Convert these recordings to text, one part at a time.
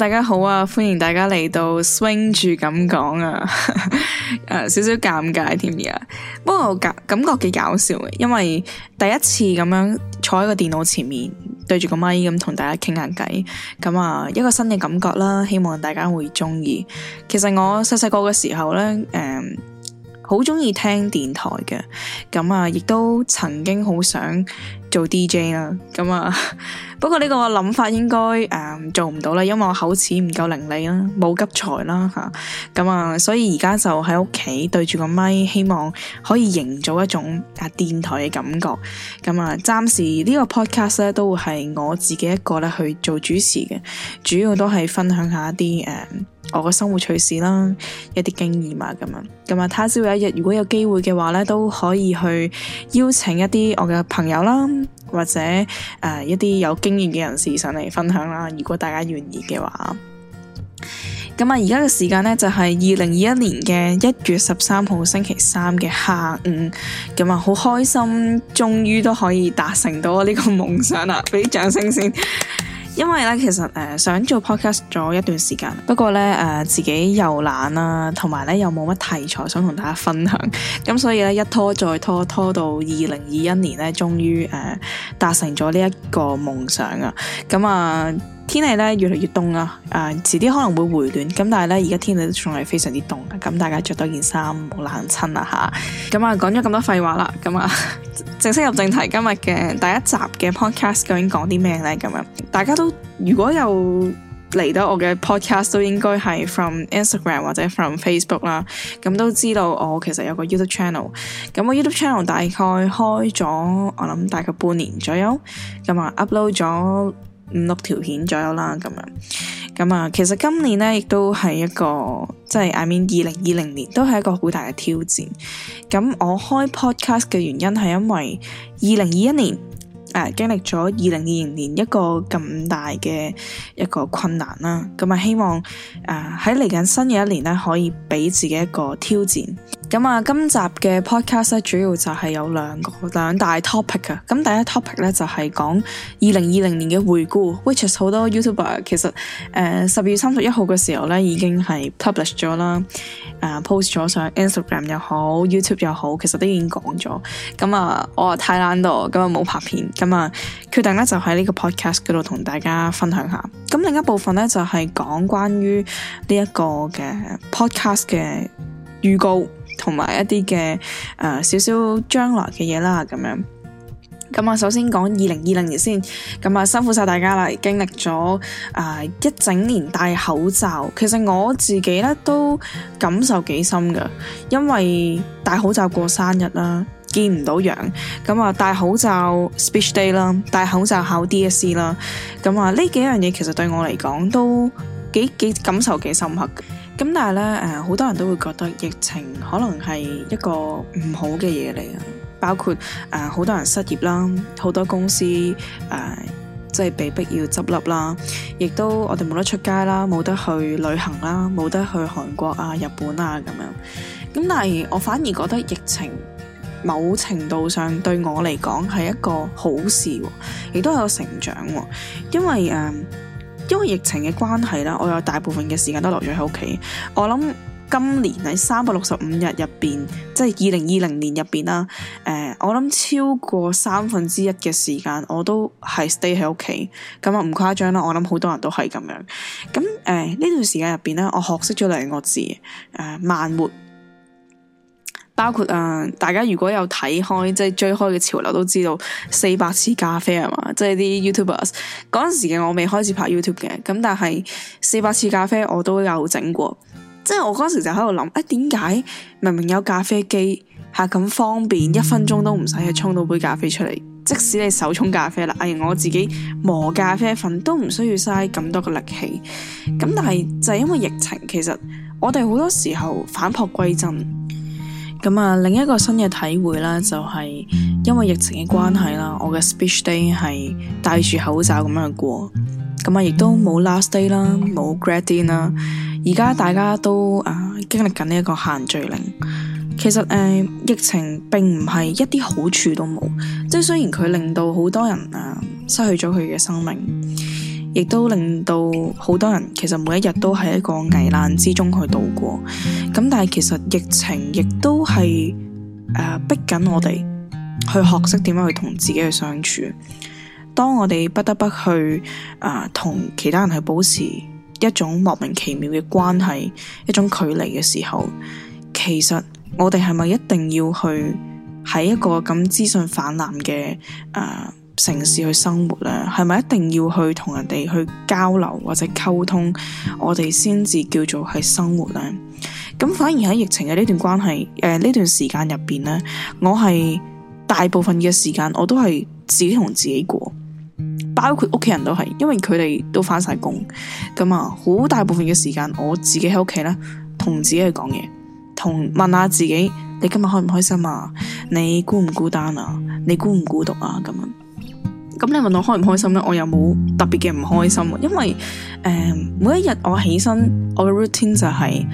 大家好啊！歡迎大家嚟到 swing 住咁講啊，誒、 啊，少少尷尬添啊，不過感感覺幾搞笑，因為第一次咁樣坐喺個電腦前面，對住個咪咁同大家傾下偈，咁啊，一個新嘅感覺啦，希望大家會中意。其實我細細個嘅時候咧，誒、嗯。好中意聽電台嘅，咁啊，亦都曾經好想做 DJ 啦，咁啊， 不過呢個諗法應該誒、呃、做唔到啦，因為我口齒唔夠伶俐啦，冇急才啦吓，咁啊，啊，所以而家就喺屋企對住個咪，希望可以營造一種啊電台嘅感覺。咁啊，暫時個呢個 podcast 咧都會係我自己一個咧去做主持嘅，主要都係分享一下一啲誒。呃我嘅生活趣事啦，一啲經驗啊，咁啊，咁啊，他朝有一日，如果有機會嘅話咧，都可以去邀請一啲我嘅朋友啦，或者誒、呃、一啲有經驗嘅人士上嚟分享啦。如果大家願意嘅話，咁啊，而家嘅時間咧就係二零二一年嘅一月十三號星期三嘅下午，咁啊，好開心，終於都可以達成到我呢個夢想啦！俾啲掌聲先。因為咧，其實誒想做 podcast 咗一段時間，不過咧誒、呃、自己又懶啦，同埋咧又冇乜題材想同大家分享，咁所以咧一拖再拖，拖到二零二一年咧，終於誒達成咗呢一個夢想啊！咁啊～天氣咧越嚟越凍啦，誒、呃、遲啲可能會回暖，咁但係咧而家天氣都仲係非常之凍嘅，咁大家着多件衫，唔好冷親啊嚇！咁 啊、嗯、講咗咁多廢話啦，咁、嗯、啊正式入正題，今日嘅第一集嘅 podcast 究竟講啲咩呢？咁、嗯、樣大家都如果有嚟到我嘅 podcast，都應該係 from Instagram 或者 from Facebook 啦，咁、嗯、都知道我其實有個 YouTube channel，咁、嗯、我 YouTube channel 大概開咗我諗大概半年左右，咁啊 upload 咗。嗯五六條片左右啦，咁樣，咁啊，其實今年咧亦都係一個，即係 I mean 二零二零年都係一個好大嘅挑戰。咁我開 podcast 嘅原因係因為二零二一年，誒、啊、經歷咗二零二零年一個咁大嘅一個困難啦。咁啊希望誒喺嚟緊新嘅一年咧，可以俾自己一個挑戰。咁啊，今集嘅 podcast 咧，主要就係有兩個兩大 topic 嘅。咁第一 topic 咧就係講二零二零年嘅回顧，which is 好多 youtuber 其實誒十二月三十一號嘅時候咧已經係 published 咗啦，誒、呃、post 咗上 Instagram 又好，YouTube 又好，其實都已經講咗。咁啊，我太懶惰，咁啊冇拍片，咁啊決定咧就喺呢個 podcast 度同大家分享下。咁另一部分咧就係、是、講關於呢一個嘅 podcast 嘅預告。同埋一啲嘅誒少少將來嘅嘢啦，咁樣。咁啊，首先講二零二零年先。咁啊，辛苦晒大家啦，經歷咗誒一整年戴口罩。其實我自己咧都感受幾深嘅，因為戴口罩過生日啦，見唔到樣。咁啊，戴口罩 Speech Day 啦，戴口罩考 DSE 啦。咁啊，呢幾樣嘢其實對我嚟講都幾幾感受幾深刻。咁但係咧，誒、呃，好多人都會覺得疫情可能係一個唔好嘅嘢嚟啊，包括誒，好、呃、多人失業啦，好多公司誒、呃，即係被逼要執笠啦，亦都我哋冇得出街啦，冇得去旅行啦，冇得去韓國啊、日本啊咁樣。咁但係我反而覺得疫情某程度上對我嚟講係一個好事、啊，亦都係個成長、啊，因為誒。呃因為疫情嘅關係啦，我有大部分嘅時間都留咗喺屋企。我諗今年喺三百六十五日入邊，即係二零二零年入邊啦。誒、呃，我諗超過三分之一嘅時間我都係 stay 喺屋企。咁啊唔誇張啦，我諗好多人都係咁樣。咁誒呢段時間入邊咧，我學識咗兩個字誒、呃、慢活。包括啊，uh, 大家如果有睇開即係追開嘅潮流，都知道四百次咖啡係嘛？即係啲 YouTubers 嗰陣時嘅我未開始拍 YouTube 嘅，咁但係四百次咖啡我都有整過，即係我嗰時就喺度諗，誒點解明明有咖啡機，吓咁方便，一分鐘都唔使去沖到杯咖啡出嚟，即使你手沖咖啡啦，哎我自己磨咖啡粉都唔需要嘥咁多嘅力氣，咁但係就係因為疫情，其實我哋好多時候反璞歸真。咁啊，另一個新嘅體會啦，就係因為疫情嘅關係啦，我嘅 Speech Day 係戴住口罩咁樣過，咁啊亦都冇 Last Day 啦，冇 Grad Din 啦，而家大家都啊經歷緊呢一個限聚令。其實誒、啊，疫情並唔係一啲好處都冇，即係雖然佢令到好多人啊失去咗佢嘅生命。亦都令到好多人，其實每一日都喺一個危難之中去度過。咁但係其實疫情亦都係誒、呃、逼緊我哋去學識點樣去同自己去相處。當我哋不得不去誒同、呃、其他人去保持一種莫名其妙嘅關係、一種距離嘅時候，其實我哋係咪一定要去喺一個咁資訊泛濫嘅誒、呃城市去生活咧，係咪一定要去同人哋去交流或者溝通，我哋先至叫做係生活咧？咁反而喺疫情嘅呢段關係，誒、呃、呢段時間入邊咧，我係大部分嘅時間我都係自己同自己過，包括屋企人都係，因為佢哋都返晒工，咁啊好大部分嘅時間我自己喺屋企咧，同自己去講嘢，同問下自己：你今日開唔開心啊？你孤唔、啊、孤單啊？你孤唔孤獨啊？咁啊？咁你問我開唔開心呢？我又冇特別嘅唔開心，因為、呃、每一日我起身，我嘅 routine 就係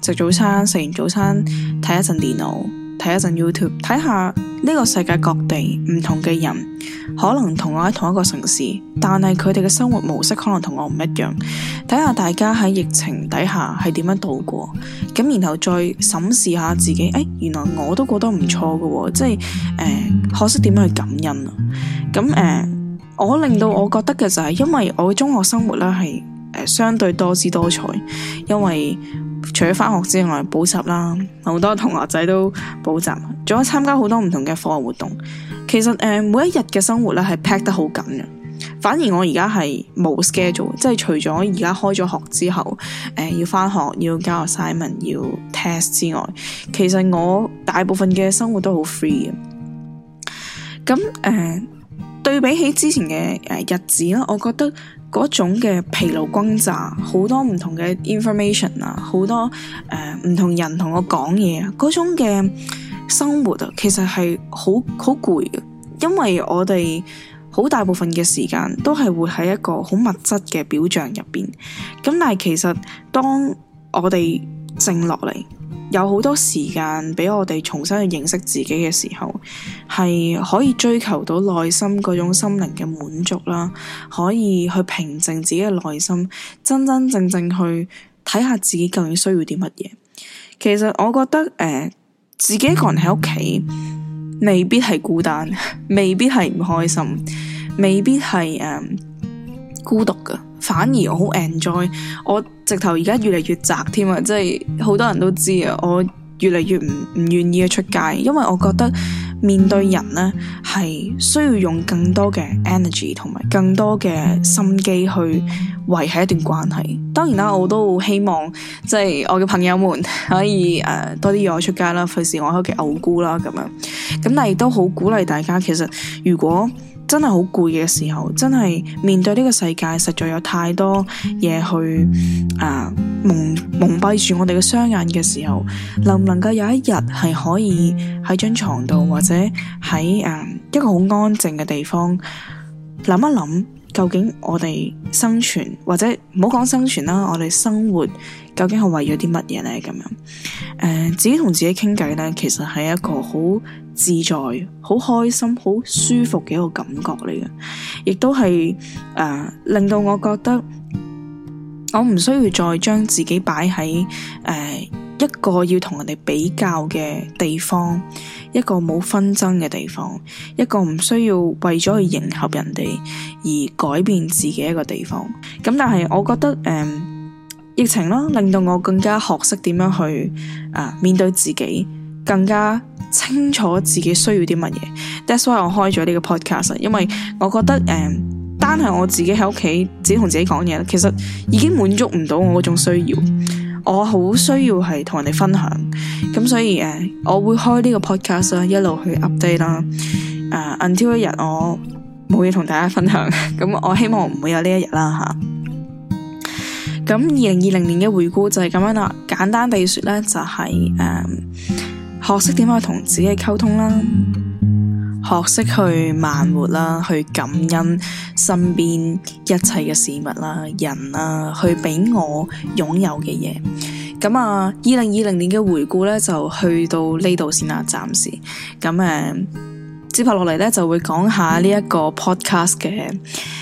誒食早餐，食完早餐睇一陣電腦，睇一陣 YouTube，睇下。呢個世界各地唔同嘅人，可能同我喺同一個城市，但係佢哋嘅生活模式可能同我唔一樣。睇下大家喺疫情底下係點樣度過，咁然後再審視下自己，誒，原來我都覺得唔錯嘅，即係誒，學識點樣去感恩啊。咁、嗯、誒、呃，我令到我覺得嘅就係，因為我嘅中學生活咧係誒相對多姿多彩，因為。除咗返學之外，補習啦，好多同學仔都補習，仲有參加好多唔同嘅課外活動。其實誒、呃，每一日嘅生活咧係 pack 得好緊嘅。反而我而家係冇 schedule，即係除咗而家開咗學之後，誒、呃、要返學、要交 assignment、要 test 之外，其實我大部分嘅生活都好 free 嘅。咁誒、呃，對比起之前嘅誒、呃、日子啦，我覺得。嗰種嘅疲勞轟炸，好多唔同嘅 information 啊，好多誒唔同人同我講嘢啊，嗰種嘅生活啊，其實係好好攰嘅，因為我哋好大部分嘅時間都係活喺一個好物質嘅表象入邊，咁但係其實當我哋靜落嚟。有好多時間俾我哋重新去認識自己嘅時候，係可以追求到內心嗰種心靈嘅滿足啦，可以去平靜自己嘅內心，真真正正去睇下自己究竟需要啲乜嘢。其實我覺得誒、呃，自己一個人喺屋企，未必係孤單，未必係唔開心，未必係、呃、孤獨㗎。反而我好 enjoy，我直頭而家越嚟越宅添啊！即係好多人都知啊，我越嚟越唔唔願意去出街，因為我覺得面對人呢，係需要用更多嘅 energy 同埋更多嘅心機去維繫一段關係。當然啦，我都好希望即係我嘅朋友們可以誒、呃、多啲約我出街啦，費事我喺屋企漚菇啦咁樣。咁但係亦都好鼓勵大家，其實如果。真係好攰嘅時候，真係面對呢個世界，實在有太多嘢去誒、呃、蒙蒙蔽住我哋嘅雙眼嘅時候，能唔能夠有一日係可以喺張床度，或者喺誒、呃、一個好安靜嘅地方諗一諗？究竟我哋生存或者唔好講生存啦，我哋生活究竟係為咗啲乜嘢呢？咁樣誒、呃，自己同自己傾偈呢，其實係一個好自在、好開心、好舒服嘅一個感覺嚟嘅，亦都係誒、呃，令到我覺得我唔需要再將自己擺喺誒。呃一個要同人哋比較嘅地方，一個冇紛爭嘅地方，一個唔需要為咗去迎合人哋而改變自己一個地方。咁但係我覺得，誒、嗯，疫情啦，令到我更加學識點樣去啊面對自己，更加清楚自己需要啲乜嘢。That's why 我開咗呢個 podcast，因為我覺得，誒、嗯，單係我自己喺屋企自己同自己講嘢，其實已經滿足唔到我嗰種需要。我好需要係同人哋分享，咁所以誒、啊，我會開呢個 podcast 一路去 update 啦，誒、啊、，until 一日我冇嘢，同大家分享，咁我希望唔會有呢一日啦吓。咁二零二零年嘅回顧就係咁樣啦，簡單地說呢、就係，就係誒，學識點樣去同自己溝通啦。啊學識去慢活啦，去感恩身邊一切嘅事物啦，人啦，去俾我擁有嘅嘢。咁啊，二零二零年嘅回顧咧，就去到呢度先啦，暫時。咁誒、啊，接下落嚟咧，就會講下呢一個 podcast 嘅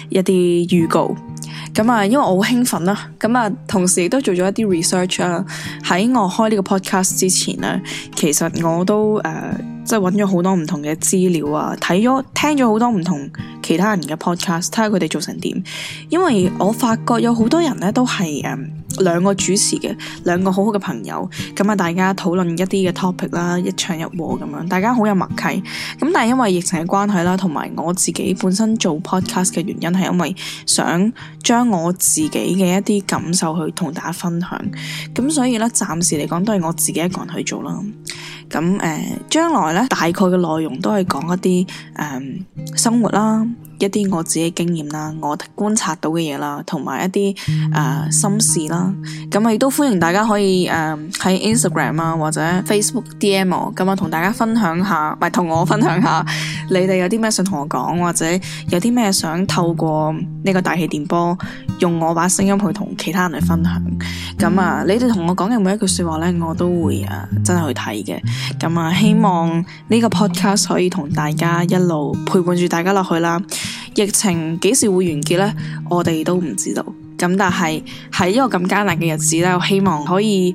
一啲預告。咁啊，因為我好興奮啦，咁啊，同時亦都做咗一啲 research 啦、啊。喺我開呢個 podcast 之前咧，其實我都誒。呃即係揾咗好多唔同嘅資料啊，睇咗聽咗好多唔同其他人嘅 podcast，睇下佢哋做成點。因為我發覺有好多人咧都係誒兩個主持嘅，兩個好好嘅朋友，咁啊大家討論一啲嘅 topic 啦，一唱一和咁樣，大家好有默契。咁但係因為疫情嘅關係啦，同埋我自己本身做 podcast 嘅原因係因為想將我自己嘅一啲感受去同大家分享，咁所以呢，暫時嚟講都係我自己一個人去做啦。咁誒、呃，將來咧大概嘅內容都係講一啲誒、呃、生活啦，一啲我自己經驗啦，我觀察到嘅嘢啦，同埋一啲誒、呃、心事啦。咁亦都歡迎大家可以誒喺、呃、Instagram 啊或者 Facebook DM，咁啊同大家分享下，唔、呃、同我分享下，你哋有啲咩想同我講，或者有啲咩想透過呢個大氣電波。用我把聲音去同其他人去分享，咁啊，嗯、你哋同我講嘅每一句説話咧，我都會啊真係去睇嘅。咁啊，希望呢個 podcast 可以同大家一路陪伴住大家落去啦。疫情幾時會完結呢？我哋都唔知道。咁但係喺呢個咁艱難嘅日子咧，我希望可以。